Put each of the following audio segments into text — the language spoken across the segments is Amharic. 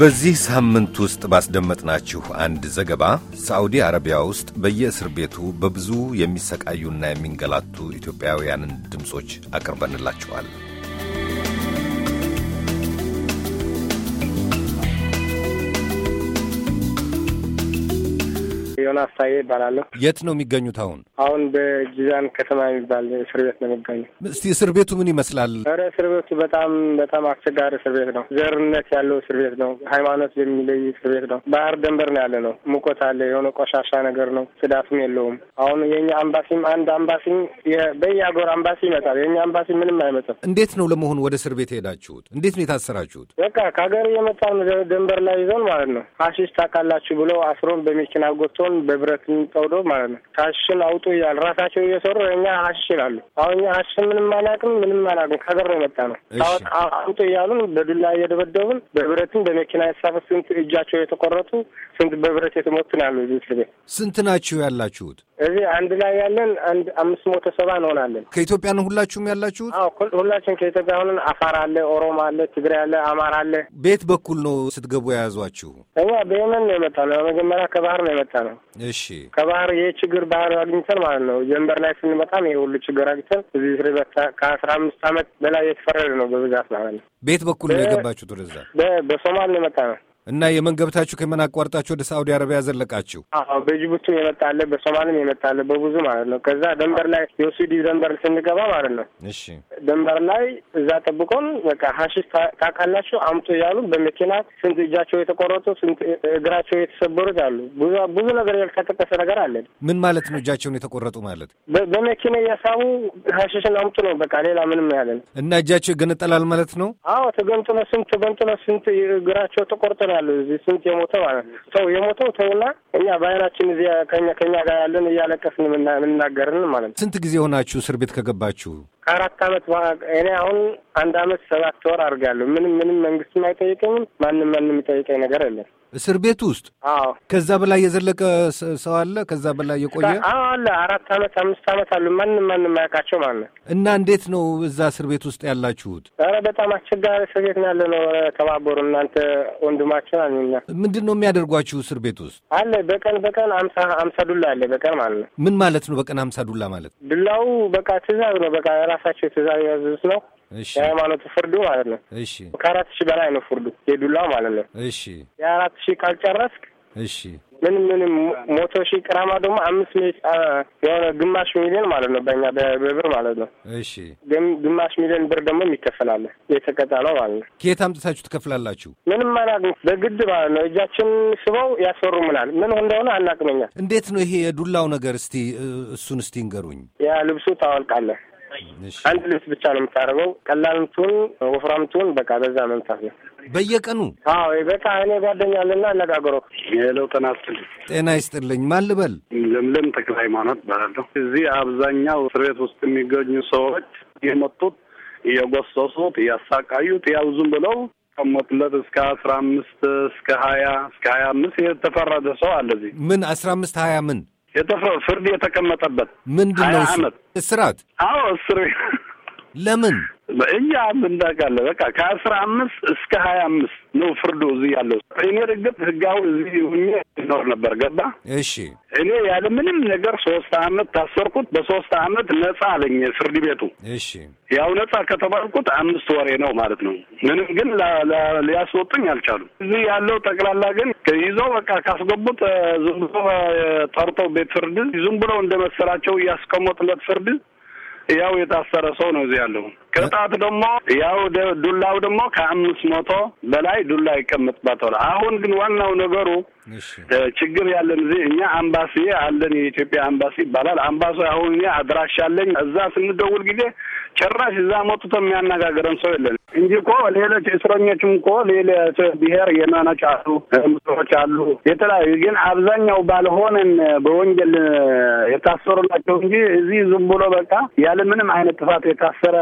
በዚህ ሳምንት ውስጥ ባስደመጥናችሁ አንድ ዘገባ ሳዑዲ አረቢያ ውስጥ በየእስር ቤቱ በብዙ የሚሰቃዩና የሚንገላቱ ኢትዮጵያውያንን ድምፆች አቅርበንላችኋል። ዮና አስታዬ ይባላለሁ። የት ነው የሚገኙት አሁን? አሁን በጂዛን ከተማ የሚባል እስር ቤት ነው የሚገኙ። እስቲ እስር ቤቱ ምን ይመስላል? ኧረ እስር ቤቱ በጣም በጣም አስቸጋሪ እስር ቤት ነው። ዘርነት ያለው እስር ቤት ነው። ሃይማኖት የሚለይ እስር ቤት ነው። ባህር ደንበር ነው ያለ ነው። ሙቆት አለ። የሆነ ቆሻሻ ነገር ነው። ጽዳትም የለውም። አሁን የኛ አምባሲም አንድ አምባሲም በየአገር አምባሲ ይመጣል። የኛ አምባሲ ምንም አይመጣም። እንዴት ነው ለመሆኑ ወደ እስር ቤት ሄዳችሁት? እንዴት ነው የታሰራችሁት? በቃ ከሀገር የመጣ ደንበር ላይ ይዘን ማለት ነው። ሀሺሽ ታውቃላችሁ ብለው አስሮን በመኪና ጎቶን በብረት ጠውዶ ማለት ነው። ሀሽን አውጡ እያል ራሳቸው እየሰሩ እኛ ሀሽ ይላሉ። አሁን እኛ ሀሽን ምንም አናቅም፣ ምንም አናቅም። ከገር ነው የመጣ ነው። አውጡ እያሉን በዱላ እየደበደቡን፣ በብረትም በመኪና የተሳፈ ስንት እጃቸው የተቆረጡ ስንት በብረት የተሞትን አሉ። እዚህ እስር ቤት ስንት ናችሁ ያላችሁት? እዚህ አንድ ላይ ያለን አንድ አምስት መቶ ሰባ እንሆናለን። ከኢትዮጵያ ነው ሁላችሁም ያላችሁት? አዎ ሁላችን ከኢትዮጵያ ሆነን አፋር አለ፣ ኦሮሞ አለ፣ ትግራይ አለ፣ አማራ አለ። በየት በኩል ነው ስትገቡ የያዟችሁ? እኛ በየመን ነው የመጣ ነው። መጀመሪያ ከባህር ነው የመጣ ነው። እሺ ከባህር ይህ ችግር ባህር አግኝተን ማለት ነው። ጀንበር ላይ ስንመጣም ይህ ሁሉ ችግር አግኝተን እዚህ ስርበት ከአስራ አምስት አመት በላይ የተፈረደ ነው በብዛት ማለት ነው። ቤት በኩል ነው የገባችሁት ወደዛ? በሶማል ነው የመጣ ነው እና የመንገብታችሁ ከመን ከየመን አቋርጣችሁ ወደ ሳዑዲ አረቢያ ዘለቃችሁ? አዎ በጅቡቲም የመጣለ በሶማሌም የመጣለ በብዙ ማለት ነው። ከዛ ደንበር ላይ የሱዲ ደንበር ስንገባ ማለት ነው። እሺ ደንበር ላይ እዛ ጠብቆን በቃ ሀሺሽ ታውቃላችሁ አምጡ እያሉ በመኪና ስንት እጃቸው የተቆረጡ ስንት እግራቸው የተሰበሩት አሉ። ብዙ ነገር ያልተጠቀሰ ነገር አለ። ምን ማለት ነው? እጃቸውን የተቆረጡ ማለት በመኪና እያሳቡ ሀሺሽን አምጡ ነው። በቃ ሌላ ምንም ያለ ነው። እና እጃቸው ይገነጠላል ማለት ነው። አዎ ተገንጥሎ ስንት ተገንጥሎ ስንት እግራቸው ተቆርጦ ያለው እዚህ ስንት የሞተ ማለት ነው። ሰው የሞተው ተውና እኛ በአይናችን እዚ ከኛ ከኛ ጋር ያለን እያለቀስን የምናገርን ማለት ነው። ስንት ጊዜ ሆናችሁ እስር ቤት ከገባችሁ? ከአራት አመት እኔ አሁን አንድ አመት ሰባት ወር አድርጋለሁ። ምንም ምንም መንግስትም አይጠይቀኝም። ማንም ማንም የሚጠይቀኝ ነገር የለም። እስር ቤት ውስጥ ከዛ በላይ የዘለቀ ሰው አለ። ከዛ በላይ የቆየ አለ። አራት ዓመት አምስት ዓመት አሉ። ማንም ማንም አያውቃቸው ማለት እና እንዴት ነው እዛ እስር ቤት ውስጥ ያላችሁት? ኧረ በጣም አስቸጋሪ እስር ቤት ነው ያለ ነው። ተባበሩ እናንተ ወንድማችን አሉኛ። ምንድን ነው የሚያደርጓችሁ እስር ቤት ውስጥ? አለ በቀን በቀን አምሳ አምሳ ዱላ አለ በቀን ማለት ነው። ምን ማለት ነው በቀን አምሳ ዱላ ማለት? ዱላው በቃ ትእዛዝ ነው። በቃ ራሳቸው ትእዛዝ ያዙት ነው የሃይማኖቱ ፍርዱ ማለት ነው። እሺ ከአራት ሺህ በላይ ነው ፍርዱ የዱላ ማለት ነው። እሺ የአራት ሺህ ካልጨረስክ እሺ ምንም ምንም ሞቶ ሺ ቅራማ ደግሞ አምስት ሚ የሆነ ግማሽ ሚሊዮን ማለት ነው በእኛ በብር ማለት ነው። እሺ ግማሽ ሚሊዮን ብር ደግሞ የሚከፈላለ የተቀጣ ነው ማለት ነው። ከየት አምጥታችሁ ትከፍላላችሁ? ምንም አናውቅም። በግድ ማለት ነው እጃችን ስበው ያስፈሩምናል። ምን እንደሆነ አናውቅም እኛ። እንዴት ነው ይሄ የዱላው ነገር? እስቲ እሱን እስቲ እንገሩኝ። ያ ልብሱ ታወልቃለህ አንድ ልብስ ብቻ ነው የምታደርገው። ቀላልም ትሁን ወፍራም ትሁን በቃ በዛ መምታት ነው በየቀኑ። አዎ በቃ እኔ ጓደኛ አለና አነጋግሮ የለው ጤና ይስጥልኝ። ጤና ይስጥልኝ። ማን ልበል? ለምለም ተክለ ሃይማኖት እባላለሁ። እዚህ አብዛኛው እስር ቤት ውስጥ የሚገኙ ሰዎች የመጡት እየጎሰሱት እያሳቃዩት ያውዙም ብለው ቀመጡለት እስከ አስራ አምስት እስከ ሀያ እስከ ሀያ አምስት የተፈረደ ሰው አለ። እዚህ ምን አስራ አምስት ሀያ ምን የተፈረ ፍርድ የተቀመጠበት ምንድን ነው? እስራት። አዎ እስር። ለምን? እኛ ምናቃለን በቃ ከአስራ አምስት እስከ ሀያ አምስት ነው ፍርዱ እዚህ ያለው። እኔ እርግጥ ህጋው እዚህ ሁኜ ይኖር ነበር ገባ። እሺ እኔ ያለ ምንም ነገር ሶስት አመት ታሰርኩት። በሶስት አመት ነጻ አለኝ ፍርድ ቤቱ። እሺ ያው ነጻ ከተባልኩት አምስት ወሬ ነው ማለት ነው። ምንም ግን ሊያስወጡኝ አልቻሉ። እዚህ ያለው ጠቅላላ ግን ይዞ በቃ ካስገቡት ዝም ብሎ ጠርቶ ቤት ፍርድ ዝም ብለው እንደመሰላቸው እያስቀመጡለት ፍርድ ያው የታሰረ ሰው ነው እዚህ ያለው። ቅጣት ደግሞ ያው ዱላው ደግሞ ከአምስት መቶ በላይ ዱላ ይቀመጥበታል። አሁን ግን ዋናው ነገሩ ችግር ያለን እዚህ እኛ አምባሲ አለን፣ የኢትዮጵያ አምባሲ ይባላል። አምባሲ አሁን እኔ አድራሻ አለኝ። እዛ ስንደውል ጊዜ ጭራሽ እዛ መጡት የሚያነጋግረን ሰው የለን እንጂ እኮ ሌሎች እስረኞችም እኮ ሌሎች ብሔር የመኖች አሉ፣ ምስሮች አሉ የተለያዩ ግን አብዛኛው ባልሆነን በወንጀል የታሰሩ ናቸው እንጂ እዚህ ዝም ብሎ በቃ ያለ ምንም አይነት ጥፋት የታሰረ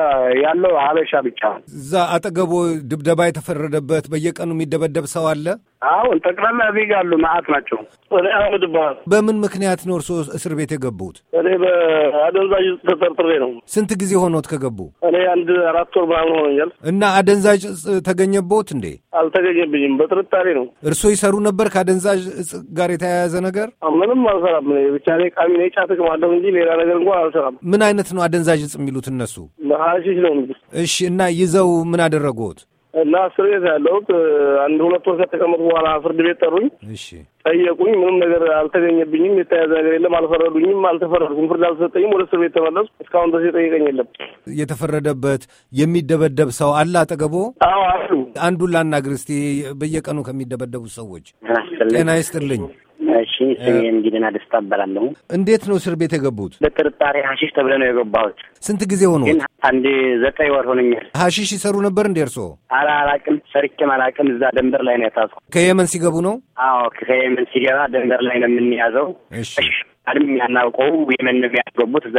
ያለው ሀበሻ ብቻ ነው። እዛ አጠገቡ ድብደባ የተፈረደበት በየቀኑ የሚደበደብ ሰው አለ። አሁን ጠቅላላ እዚህ ጋር አሉ መዓት ናቸው። እኔ አህመድ እባላለሁ። በምን ምክንያት ነው እርስዎ እስር ቤት የገቡት? እኔ በአደንዛዥ ተጠርጥሬ ነው። ስንት ጊዜ ሆኖት ተገቡ? እኔ አንድ አራት ወር ምናምን ሆኖኛል። እና አደንዛዥ እጽ ተገኘቦት እንዴ? አልተገኘብኝም። በጥርጣሬ ነው። እርሶ ይሰሩ ነበር ከአደንዛዥ እጽ ጋር የተያያዘ ነገር? ምንም አልሰራም። ብቻ ቃሚ ነኝ፣ ጫት እቅማለሁ እንጂ ሌላ ነገር እንኳን አልሰራም። ምን አይነት ነው አደንዛዥ እጽ የሚሉት እነሱ? ሀሺሽ ነው። እሺ። እና ይዘው ምን አደረጉት? እና እስር ቤት ያለሁት አንድ ሁለት ወር ከተቀመጡ በኋላ ፍርድ ቤት ጠሩኝ፣ ጠየቁኝ። ምንም ነገር አልተገኘብኝም፣ የተያዘ ነገር የለም፣ አልፈረዱኝም፣ አልተፈረዱም ፍርድ አልተሰጠኝም። ወደ እስር ቤት ተመለሱ። እስካሁን ድረስ የጠየቀኝ የለም። የተፈረደበት የሚደበደብ ሰው አለ አጠገቦ? አዎ አሉ። አንዱን ላናግር እስቲ። በየቀኑ ከሚደበደቡ ሰዎች ጤና ይስጥልኝ። እሺ ስሜ እንግዲና ደስታ እባላለሁ። እንዴት ነው እስር ቤት የገቡት? በጥርጣሬ ሀሺሽ ተብለ ነው የገባሁት። ስንት ጊዜ ሆኖ? ግን አንድ ዘጠኝ ወር ሆነኛል። ሀሺሽ ይሰሩ ነበር እንዴ እርሶ? አላ አላቅም፣ ሰርቼም አላቅም። እዛ ደንበር ላይ ነው የታዝኩ። ከየመን ሲገቡ ነው? አዎ ከየመን ሲገባ ደንበር ላይ ነው የምንያዘው። አድም ያናውቀው የመን ነው የሚያስገቡት እዛ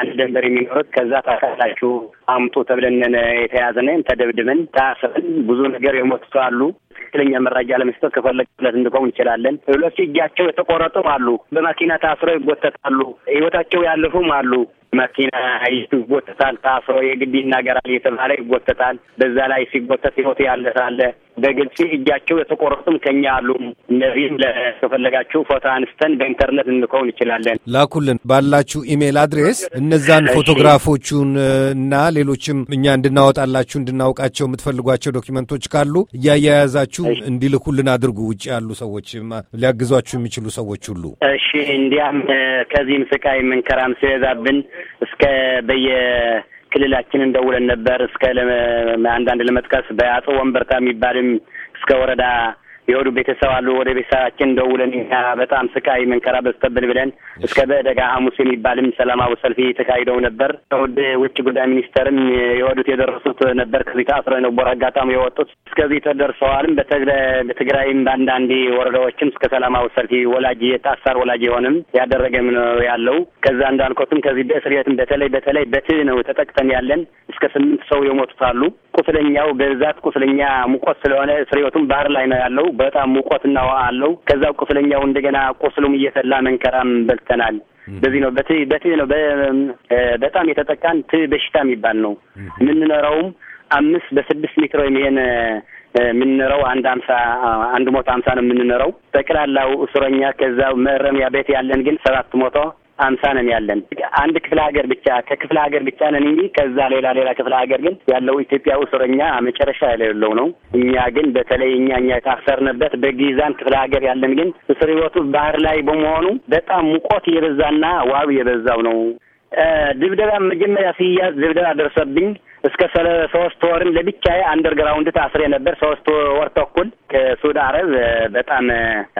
አንድ ደንበር የሚኖሩት ከዛ ታካላችሁ አምጡ ተብለን የተያዝነን ተደብድበን ታስረን ብዙ ነገር የሞቱ አሉ። ትክክለኛ መረጃ ለመስጠት ከፈለግለት እንድቆም እንችላለን። ሌሎች እጃቸው የተቆረጡም አሉ። በመኪና ታስረው ይጎተታሉ። ህይወታቸው ያለፉም አሉ። መኪና ይጎተታል፣ ታስሮ የግድ ይናገራል እየተባለ ይጎተታል። በዛ ላይ ሲጎተት ህይወት ያለሳለ በግልጽ እጃቸው የተቆረጡም ከኛ አሉ። እነዚህም ከፈለጋችሁ ፎቶ አንስተን በኢንተርኔት እንልከው እንችላለን። ላኩልን ባላችሁ ኢሜይል አድሬስ እነዛን ፎቶግራፎቹን እና ሌሎችም እኛ እንድናወጣላችሁ እንድናውቃቸው የምትፈልጓቸው ዶኪመንቶች ካሉ እያያያዛ አድርጋችሁ እንዲልኩልን አድርጉ። ውጭ ያሉ ሰዎች፣ ሊያግዟችሁ የሚችሉ ሰዎች ሁሉ እሺ። እንዲያም ከዚህም ስቃይ መንከራም ስለዛብን እስከ በየ ክልላችን ደውለን ነበር እስከ አንዳንድ ለመጥቀስ በአጽ ወንበርታ የሚባልም እስከ ወረዳ የወዱ ቤተሰብ አሉ። ወደ ቤተሰባችን ደውለን በጣም ስቃይ መንከራ በስተብን ብለን እስከ በደጋ ሐሙስ የሚባልም ሰላማዊ ሰልፊ ተካሂደው ነበር። ከውድ ውጭ ጉዳይ ሚኒስተርም የወዱት የደረሱት ነበር። ከዚህ ታስረው ነበሩ አጋጣሚ የወጡት እስከዚህ ተደርሰዋልም። በትግራይም በአንዳንድ ወረዳዎችም እስከ ሰላማዊ ሰልፊ ወላጅ የታሳር ወላጅ የሆንም ያደረገም ነው ያለው። ከዛ እንዳልኮትም ከዚህ በእስር ቤትም በተለይ በተለይ በትህ ነው ተጠቅተን ያለን እስከ ስምንት ሰው የሞቱት አሉ። ቁስለኛው በብዛት ቁስለኛ ሙቆት ስለሆነ እስር ቤቱም ባህር ላይ ነው ያለው በጣም ሙቀትና ውሃ አለው። ከዛው ቁስለኛው እንደገና ቁስሉም እየፈላ መንከራም በልተናል። በዚህ ነው በትህ ነው በጣም የተጠቃን። ት በሽታ የሚባል ነው የምንኖረውም አምስት በስድስት ሜትሮ ወይም ይሄን የምንኖረው አንድ አምሳ አንድ ሞቶ አምሳ ነው የምንኖረው ጠቅላላው እስረኛ። ከዛ መረሚያ ቤት ያለን ግን ሰባት ሞቶ አምሳ ነን ያለን አንድ ክፍለ ሀገር ብቻ ከክፍለ ሀገር ብቻ ነን እንጂ ከዛ ሌላ ሌላ ክፍለ ሀገር ግን ያለው ኢትዮጵያ እስረኛ መጨረሻ የሌለው ነው። እኛ ግን በተለይ እኛ እኛ የታሰርንበት በጊዛን ክፍለ ሀገር ያለን ግን እስር ህይወቱ ባህር ላይ በመሆኑ በጣም ሙቆት የበዛና ዋብ የበዛው ነው። ድብደባ መጀመሪያ ሲያዝ ድብደባ ደርሰብኝ። እስከ ሶስት ወርም ለብቻዬ አንደርግራውንድ ታስሬ ነበር። ሶስት ወር ተኩል ከሱድ አረብ በጣም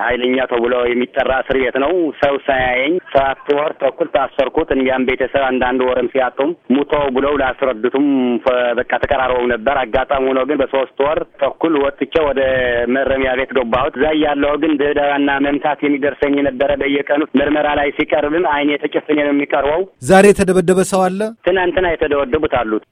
ኃይለኛ ተብሎ የሚጠራ እስር ቤት ነው። ሰው ሳያየኝ ሰባት ወር ተኩል ታሰርኩት። እንዲያም ቤተሰብ አንዳንድ ወርም ሲያጡም ሙቶ ብለው ላስረዱትም በቃ ተቀራርበው ነበር። አጋጣሚ ሆኖ ግን በሶስት ወር ተኩል ወጥቼ ወደ መረሚያ ቤት ገባሁት። እዛ ያለው ግን ድብደባና መምታት የሚደርሰኝ የነበረ በየቀኑ ምርመራ ላይ ሲቀርብም አይኔ ተጨፍኔ ነው የሚቀርበው። ዛሬ የተደበደበ ሰው አለ። ትናንትና የተደበደቡት አሉት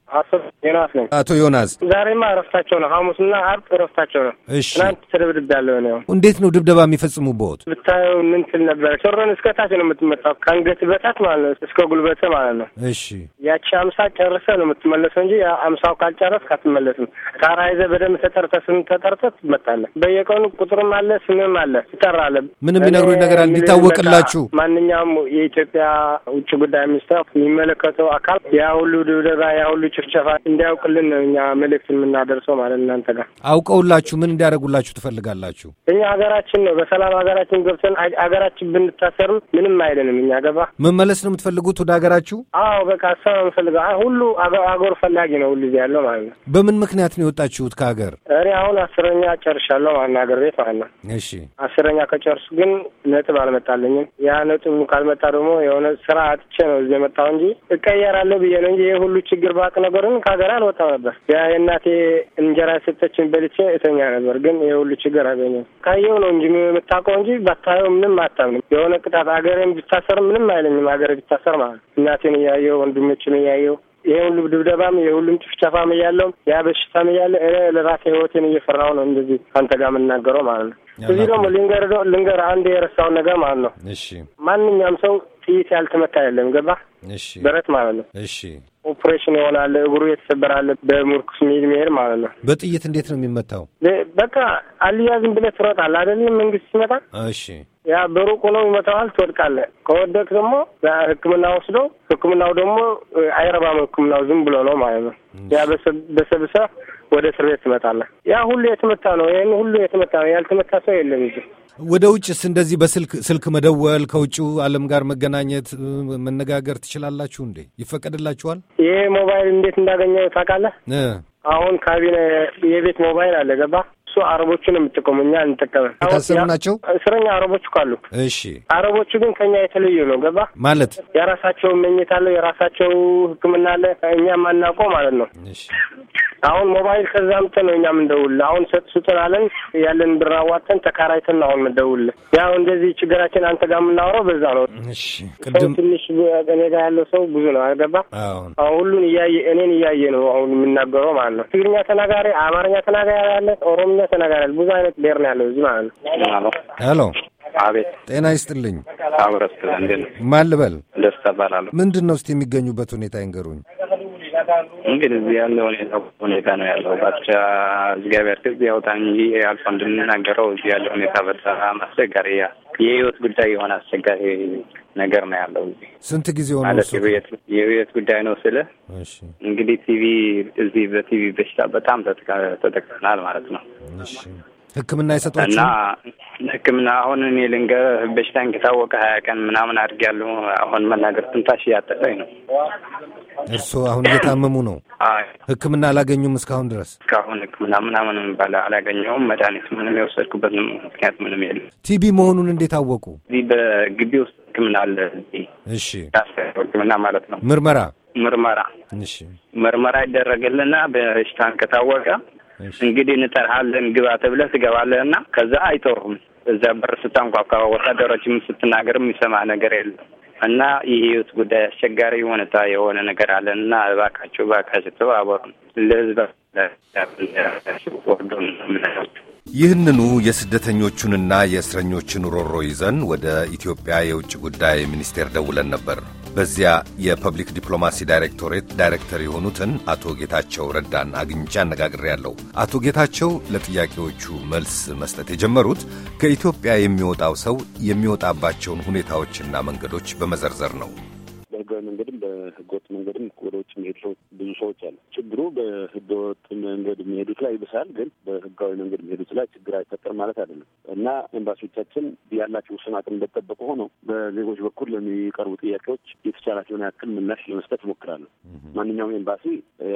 ዮናስ ነኝ። አቶ ዮናስ ዛሬማ እረፍታቸው ነው፣ ሐሙስና አርብ እረፍታቸው ነው። እሺ ትናንት ተደብድብ ያለው ነው። እንዴት ነው ድብደባ የሚፈጽሙበት? ብታየው ምን ትል ነበረ? ሶሮን እስከ ታች ነው የምትመጣው፣ ከአንገት በታች ማለት ነው፣ እስከ ጉልበት ማለት ነው። እሺ ያቺ አምሳ ጨርሰ ነው የምትመለሰው እንጂ አምሳው ካልጨረስክ አትመለስም። ካራ ይዘህ በደንብ ተጠርተ ስም ተጠርተ ትመጣለህ። በየቀኑ ቁጥርም አለ ስምም አለ ትጠራለህ። ምን የሚነግሩኝ ነገር አለ እንዲታወቅላችሁ። ማንኛውም የኢትዮጵያ ውጭ ጉዳይ ሚኒስትር የሚመለከተው አካል ያ ሁሉ ድብደባ ያ ሁሉ ጭፍጨፋ መጥፋት እንዲያውቅልን ነው እኛ መልእክት የምናደርሰው ማለት እናንተ ጋር አውቀውላችሁ ምን እንዲያደርጉላችሁ ትፈልጋላችሁ? እኛ ሀገራችን ነው። በሰላም ሀገራችን ገብተን ሀገራችን ብንታሰሩ ምንም አይለንም። እኛ ገባ መመለስ ነው የምትፈልጉት ወደ ሀገራችሁ? አዎ በቃ ሰው የምፈልገ ሁሉ አገር ፈላጊ ነው ሁሉ እዚህ ያለው ማለት ነው። በምን ምክንያት ነው የወጣችሁት ከሀገር? እኔ አሁን አስረኛ ጨርሻለሁ ማለት ነው ሀገር ቤት ማለት ነው። እሺ አስረኛ ከጨርሱ ግን ነጥብ አልመጣልኝም። ያ ነጥብ ካልመጣ ደግሞ የሆነ ስራ አጥቼ ነው እዚህ የመጣው እንጂ እቀየራለሁ ብዬ ነው እንጂ ይህ ሁሉ ችግር ባቅ ነገርን ከሀገር አልወጣም ነበር። ያ የእናቴ እንጀራ የሰጠችን በልቼ እተኛ ነበር። ግን የሁሉ ችግር አገኘ ካየው ነው እንጂ የምታውቀው እንጂ ባታየው ምንም አታምንም። የሆነ ቅጣት ሀገሬን ብታሰር ምንም አይለኝም። አገሬ ብታሰር ማለት እናቴን እያየው ወንድሞችን እያየው ይሄ ሁሉ ድብደባም ይሄ ሁሉም ጭፍጨፋም እያለውም ያ በሽታም እያለ ለራሴ ህይወቴን እየፈራው ነው እንደዚህ አንተ ጋር የምናገረው ማለት ነው። እዚህ ደግሞ ልንገር ልንገር አንድ የረሳውን ነገር ማለት ነው። እሺ ማንኛውም ሰው ጥይት ያልተመታ የለም ገባ? እሺ ብረት ማለት ነው። እሺ ኦፕሬሽን ይሆናል። እግሩ የተሰበራለ በሙርክስ ሚሄድ ማለት ነው። በጥይት እንዴት ነው የሚመታው? በቃ አልያዝም ብለህ ትሮጣለህ አይደለም መንግስት ሲመጣ። እሺ ያ በሩቁ ነው ይመታዋል፣ ትወድቃለህ። ከወደቅ ደግሞ ሕክምና ወስዶ ሕክምናው ደግሞ አይረባም። ሕክምናው ዝም ብሎ ነው ማለት ነው ያ በሰብሰብ ወደ እስር ቤት ትመጣለህ። ያ ሁሉ የተመታ ነው። ይህን ሁሉ የተመታ ነው። ያልተመታ ሰው የለም እዚህ። ወደ ውጭስ እንደዚህ በስልክ ስልክ መደወል ከውጭ ዓለም ጋር መገናኘት መነጋገር ትችላላችሁ እንዴ? ይፈቀድላችኋል? ይሄ ሞባይል እንዴት እንዳገኘ ታውቃለህ? አሁን ካቢኔ የቤት ሞባይል አለ ገባ እሱ አረቦችን የምጠቀሙ እኛ እንጠቀመ የታሰሩ ናቸው እስረኛ አረቦች እኮ አሉ። እሺ አረቦቹ ግን ከኛ የተለዩ ነው። ገባ ማለት የራሳቸው መኝታ አለ፣ የራሳቸው ሕክምና አለ፣ እኛ የማናውቀው ማለት ነው። እሺ አሁን ሞባይል ከዛ ምጥ ነው እኛ ምንደውል አሁን ሰጥ ስጥናለን ያለን ብር አዋጥተን ተካራይተን አሁን ምንደውል ያው እንደዚህ ችግራችን አንተ ጋር የምናውረው በዛ ነው። ቅድም ትንሽ እኔ ጋር ያለው ሰው ብዙ ነው አልገባ አሁን ሁሉን እያየ እኔን እያየ ነው አሁን የምናገረው ማለት ነው። ትግርኛ ተናጋሪ፣ አማርኛ ተናጋሪ አለ፣ ኦሮምኛ አይነት ነገር ብዙ አይነት ብሔር ነው ያለው እዚህ ማለት ነው። ሄሎ አቤት። ጤና ይስጥልኝ። አብረስ ማን ልበል? ደስታ እባላለሁ። ምንድን ነው እስቲ የሚገኙበት ሁኔታ ይንገሩኝ። እንግዲህ እዚህ ያለ ሁኔታ ሁኔታ ነው ያለው። ባቻ እግዚአብሔር ያውጣ እንጂ አልፎ እንድንናገረው እዚህ ያለ ሁኔታ በጣም አስቸጋሪ ያ የህይወት ጉዳይ የሆነ አስቸጋሪ ነገር ነው ያለው። እዚህ ስንት ጊዜ ሆነ የህይወት ጉዳይ ነው ስለ እንግዲህ ቲቪ እዚህ በቲቪ በሽታ በጣም ተጠቅተናል ማለት ነው። ህክምና የሰጧቸው እና ህክምና አሁን እኔ ልንገርህ በሽታን ከታወቀ ሀያ ቀን ምናምን አድርጊያለሁ። አሁን መናገር ትንፋሽ እያጠፈኝ ነው። እርስዎ አሁን እየታመሙ ነው? ህክምና አላገኙም? እስካሁን ድረስ እስካሁን ህክምና ምናምን የሚባል አላገኘውም። መድኃኒት ምንም የወሰድኩበት ምክንያት ምንም የለም። ቲቢ መሆኑን እንዴት አወቁ? እዚህ በግቢ ውስጥ ህክምና አለ። እሺ ህክምና ማለት ነው ምርመራ ምርመራ ምርመራ ይደረግልና በሽታን ከታወቀ እንግዲህ እንጠርሃለን ግባ ተብለህ ትገባለህ እና ከዛ አይጦሩም እዛ በር ስታንኳኳ ወታደሮችም ስትናገር የሚሰማ ነገር የለም እና የህይወት ጉዳይ አስቸጋሪ ሁኔታ የሆነ ነገር አለን እና እባካችሁ እባካችሁ ተባበሩን ለህዝብ ይህንኑ የስደተኞቹንና የእስረኞችን ሮሮ ይዘን ወደ ኢትዮጵያ የውጭ ጉዳይ ሚኒስቴር ደውለን ነበር። በዚያ የፐብሊክ ዲፕሎማሲ ዳይሬክቶሬት ዳይሬክተር የሆኑትን አቶ ጌታቸው ረዳን አግኝቼ አነጋግሬያለሁ። አቶ ጌታቸው ለጥያቄዎቹ መልስ መስጠት የጀመሩት ከኢትዮጵያ የሚወጣው ሰው የሚወጣባቸውን ሁኔታዎችና መንገዶች በመዘርዘር ነው። በህጋዊ መንገድም በህገወጥ መንገድም ወደ ውጭ የሚሄዱ ሰዎች ብዙ ሰዎች አሉ። ችግሩ በህገወጥ መንገድ የሚሄዱት ላይ ይብሳል፣ ግን በህጋዊ መንገድ የሚሄዱት ላይ ችግር አይፈጠርም ማለት አይደለም እና ኤምባሲዎቻችን ያላቸው ውስን አቅም እንደጠበቁ ሆኖ በዜጎች በኩል ለሚቀርቡ ጥያቄዎች የተቻላቸውን ያክል ምላሽ ለመስጠት ይሞክራሉ። ማንኛውም ኤምባሲ